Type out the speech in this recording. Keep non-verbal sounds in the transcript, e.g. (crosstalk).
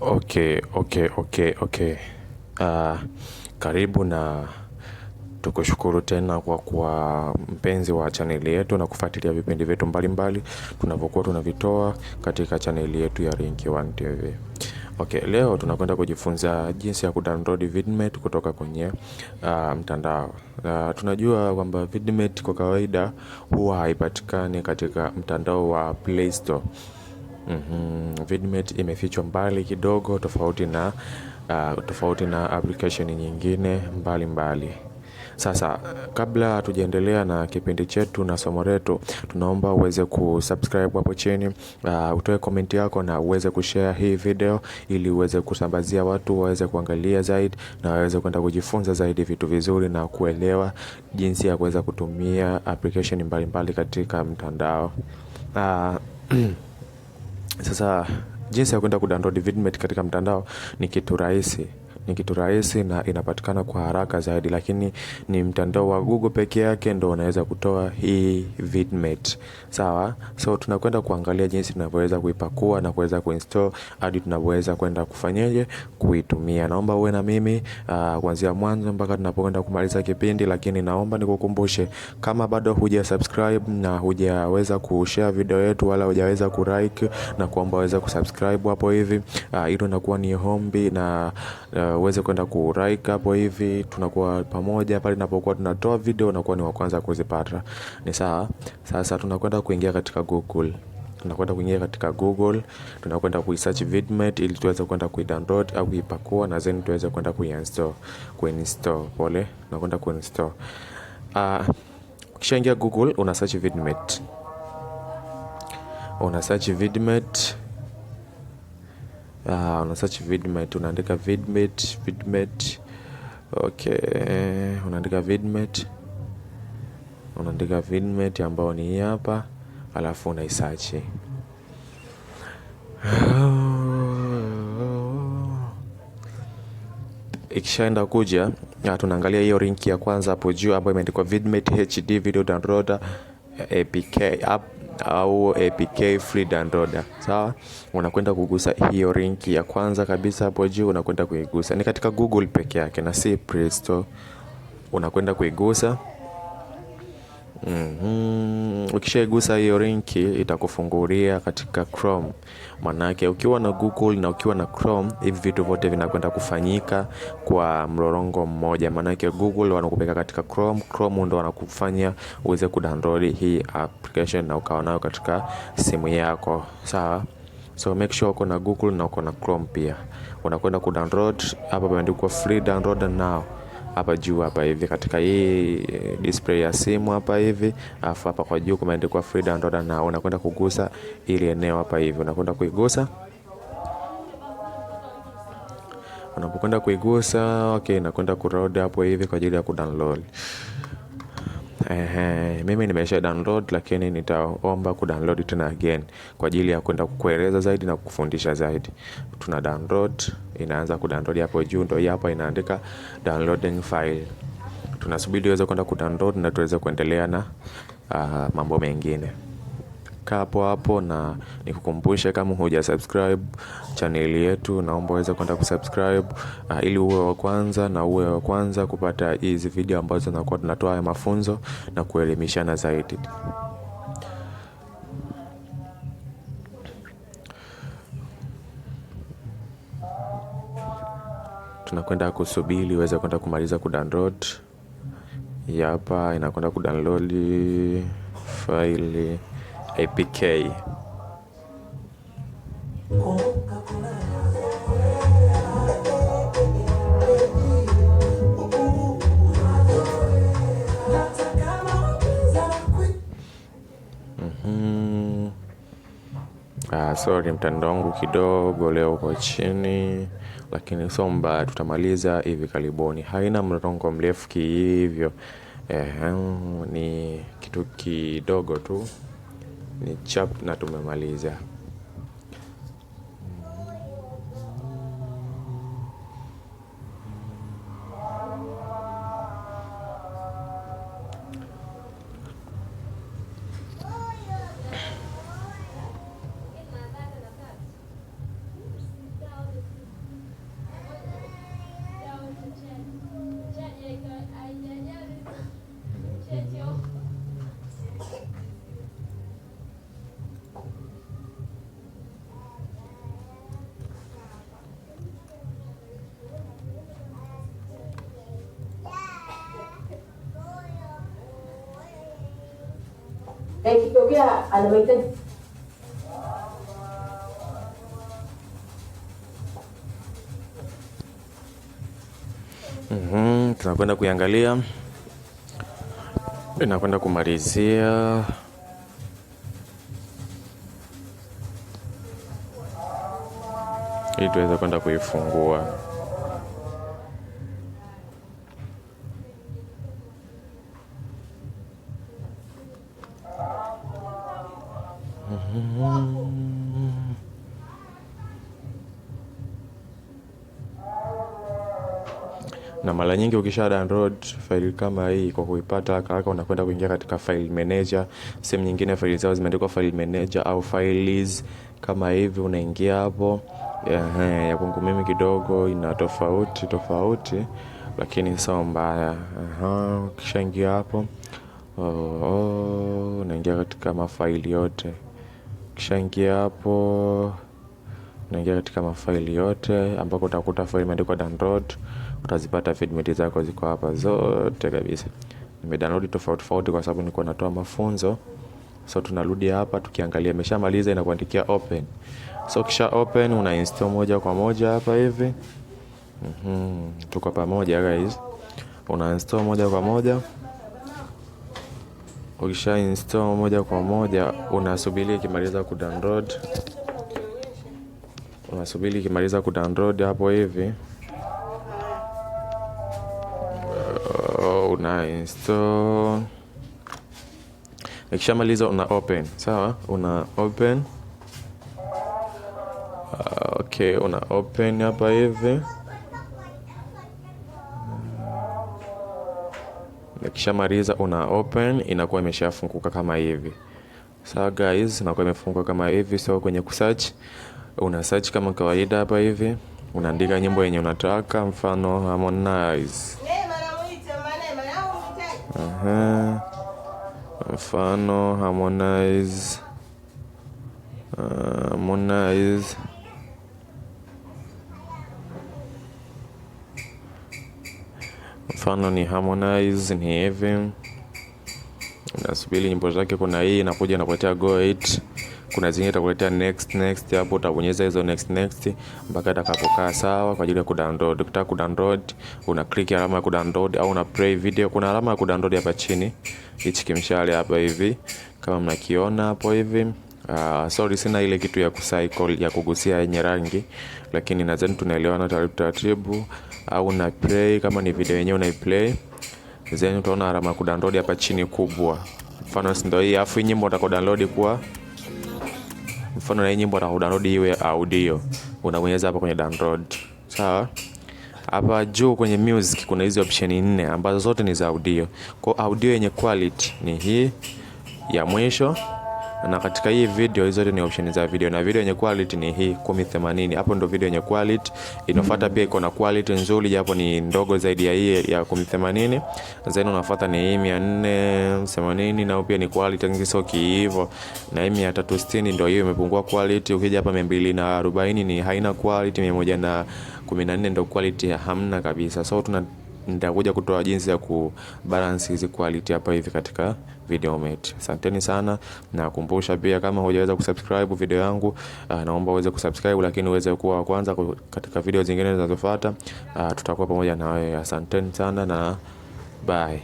Okay, okay, okay, okay. Uh, karibu na tukushukuru tena kwa kuwa mpenzi wa chaneli yetu na kufuatilia vipindi vyetu mbalimbali tunavyokuwa tunavitoa katika chaneli yetu ya Rink One TV. Okay, leo tunakwenda kujifunza jinsi ya kudownload vidmet kutoka kwenye uh, mtandao. Uh, tunajua kwamba vidmet kwa kawaida huwa haipatikani katika mtandao wa Play Store. Mm -hmm. Vidmate imefichwa mbali kidogo tofauti na, uh, tofauti na application nyingine mbalimbali mbali. Sasa kabla tujaendelea na kipindi chetu na somo letu, tunaomba uweze kusubscribe hapo chini uh, utoe komenti yako na uweze kushare hii video ili uweze kusambazia watu waweze kuangalia zaidi na waweze kwenda kujifunza zaidi vitu vizuri na kuelewa jinsi ya kuweza kutumia application mbalimbali mbali katika mtandao uh, (clears throat) Sasa jinsi ya kwenda kudownload vidmet katika mtandao ni kitu rahisi ni kitu rahisi na inapatikana kwa haraka zaidi, lakini ni mtandao wa Google peke yake ndo unaweza kutoa hii vidmate. Sawa, so tunakwenda kuangalia jinsi tunavyoweza kuipakua na kuweza kuinstall hadi tunavyoweza kwenda kufanyaje kuitumia. Naomba uwe na mimi uh, kuanzia mwanzo mpaka tunapokwenda kumaliza kipindi, lakini naomba nikukumbushe kama bado huja subscribe na hujaweza kushare video yetu wala hujaweza ku like na kuomba weza kusubscribe hapo hivi, ah, hilo uh, inakuwa ni hombi na uh, uweze kwenda ku like hapo hivi, tunakuwa pamoja pale ninapokuwa tunatoa video, unakuwa ni wa kwanza kuzipata. Ni sawa. Sasa tunakwenda kuingia katika Google tunakwenda kuingia katika Google, tunakwenda kuisearch vidmet ili tuweze kwenda kuidownload au kuipakua na then tuweze kwenda kuinstall. Kuinstall pole, tunakwenda kuinstall. Ah, ukishaingia Google una search vidmet, una search vidmet uh, una search vidmate, unaandika vidmate, vidmate. Okay, unaandika vidmate, unaandika vidmate ambao ni hapa, alafu una search ikishaenda kuja ah, tunaangalia hiyo link ya kwanza hapo juu ambayo imeandikwa vidmate hd video downloader eh, apk app au APK free downloader. Sawa, unakwenda kugusa hiyo link ya kwanza kabisa hapo juu, unakwenda kuigusa, ni katika Google peke yake na si Play Store. Unakwenda kuigusa Mm -hmm. Ukishaigusa hiyo linki itakufungulia katika Chrome. Manake ukiwa na Google na ukiwa na Chrome, hivi vitu vyote vinakwenda kufanyika kwa mlorongo mmoja. Manake Google wanakupeka katika Chrome, Chrome ndo wanakufanya uweze kudownload hii application na ukawa nayo katika simu yako, sawa? So make sure uko na Google na uko na Chrome pia. Unakwenda kudownload hapa pameandikwa free download now hapa juu hapa hivi katika hii eh, display ya simu hapa hivi, afu hapa kwa juu kumeandikwa free download, na unakwenda kugusa ili eneo hapa hivi, unakwenda kuigusa unapokwenda kuigusa okay, nakwenda kurod hapo hivi kwa ajili ya kudownload. Ehe, mimi nimesha download lakini nitaomba download tena again kwa ajili ya kwenda kukueleza zaidi na kukufundisha zaidi. Tuna download, inaanza download hapo juu, ndio hapa inaandika downloading file. Tunasubiri uweze kwenda download na tuweze kuendelea na uh, mambo mengine kaa hapo hapo na nikukumbushe kama huja subscribe channel yetu, naomba uweze kwenda kusubscribe uh, ili uwe wa kwanza na uwe wa kwanza kupata hizi video ambazo tunakuwa tunatoa ya mafunzo na kuelimishana zaidi. Tunakwenda kusubiri uweze kwenda kumaliza kudownload hii hapa inakwenda kudownload faili APK. Mm-hmm. Ah, sorry mtandao wangu kidogo leo uko chini, lakini sio mbaya, tutamaliza hivi karibuni. Haina mrongo mrefu kihivyo. Eh, ni kitu kidogo tu ni chap na tumemaliza. na eh, ikitokea ana mahitaji Mm-hmm. Tunakwenda kuiangalia, inakwenda eh, kumalizia ili tuweze kwenda kuifungua. Na mara nyingi ukisha download file kama hii, kwa kuipata haraka haraka unakwenda kuingia katika file manager. Sehemu nyingine faili zao zimeandikwa file manager au files kama hivi, unaingia hapo. Ya kwangu mimi kidogo ina tofauti tofauti, lakini sio mbaya. Ukishaingia hapo oh, oh, unaingia katika mafaili yote. Kishaingia hapo, naingia katika mafaili yote ambako utakuta faili imeandikwa download, utazipata feedback zako ziko hapa zote kabisa. download tofauti tofauti kwa sababu niko natoa mafunzo. So tunarudi hapa tukiangalia, imeshamaliza inakuandikia open. So kisha open, una install moja kwa moja hapa hivi. Mm Tuko pamoja guys, una install moja kwa moja Ukisha install moja kwa moja unasubiri ikimaliza download unasubiri ikimaliza download hapo hivi uh, una install. Ikishamaliza una open, sawa, una open. Uh, okay, una open hapa hivi. Ukishamaliza una open inakuwa imeshafunguka kama hivi. Sawa guys, inakuwa imefunguka kama hivi. So kwenye kusearch una search kama kawaida hapa hivi, unaandika nyimbo yenye unataka, mfano Harmonize. Aha. Mfano Harmonize. Uh, Harmonize mfano ni Harmonize ni hivi, nasubiri nyimbo zake. Kuna hii inakuja inakuletea go it, kuna zingine itakuletea next next, hapo utabonyeza hizo next next mpaka itakapokaa sawa kwa ajili ya kudownload. Ukitaka kudownload una click alama ya kudownload au una play video. Kuna alama ya kudownload hapa chini, hichi kimshale hapa hivi, kama mnakiona hapo hivi Uh, sorry sina ile kitu ya kucycle ya kugusia yenye rangi, lakini nadhani tunaelewana taratibu taratibu, au na play kama ni video yenyewe unaiplay, then utaona alama ku download hapa chini kubwa, mfano ndio hii, afu nyimbo download kuwa mfano na nyimbo download iwe audio, unabonyeza hapa kwenye download, sawa. Hapa juu kwenye music kuna hizi option nne ambazo zote ni za audio. Kwa audio yenye quality ni hii ya mwisho na katika hii video hizo ni option za video, na video yenye quality ni hii 1080. Hapo ndo video yenye quality inafuata, pia iko na quality nzuri japo ni ndogo zaidi ya hii ya 1080. Zenu unafuata ni hii 480, na pia ni quality nzuri, sio kiivo. Na hii 360 ndio hiyo imepungua quality. Ukija hapa 240 ni haina quality, 114 ndio quality hamna kabisa, so tuna nitakuja kutoa jinsi ya kubalance hizi quality hapa hivi katika mate. Asanteni sana, nakumbusha pia kama hujaweza kusubscribe video yangu, ah, naomba uweze kusubscribe, lakini uweze kuwa wa kwanza katika video zingine zinazofuata. Ah, tutakuwa pamoja na wewe. Asanteni sana na bye.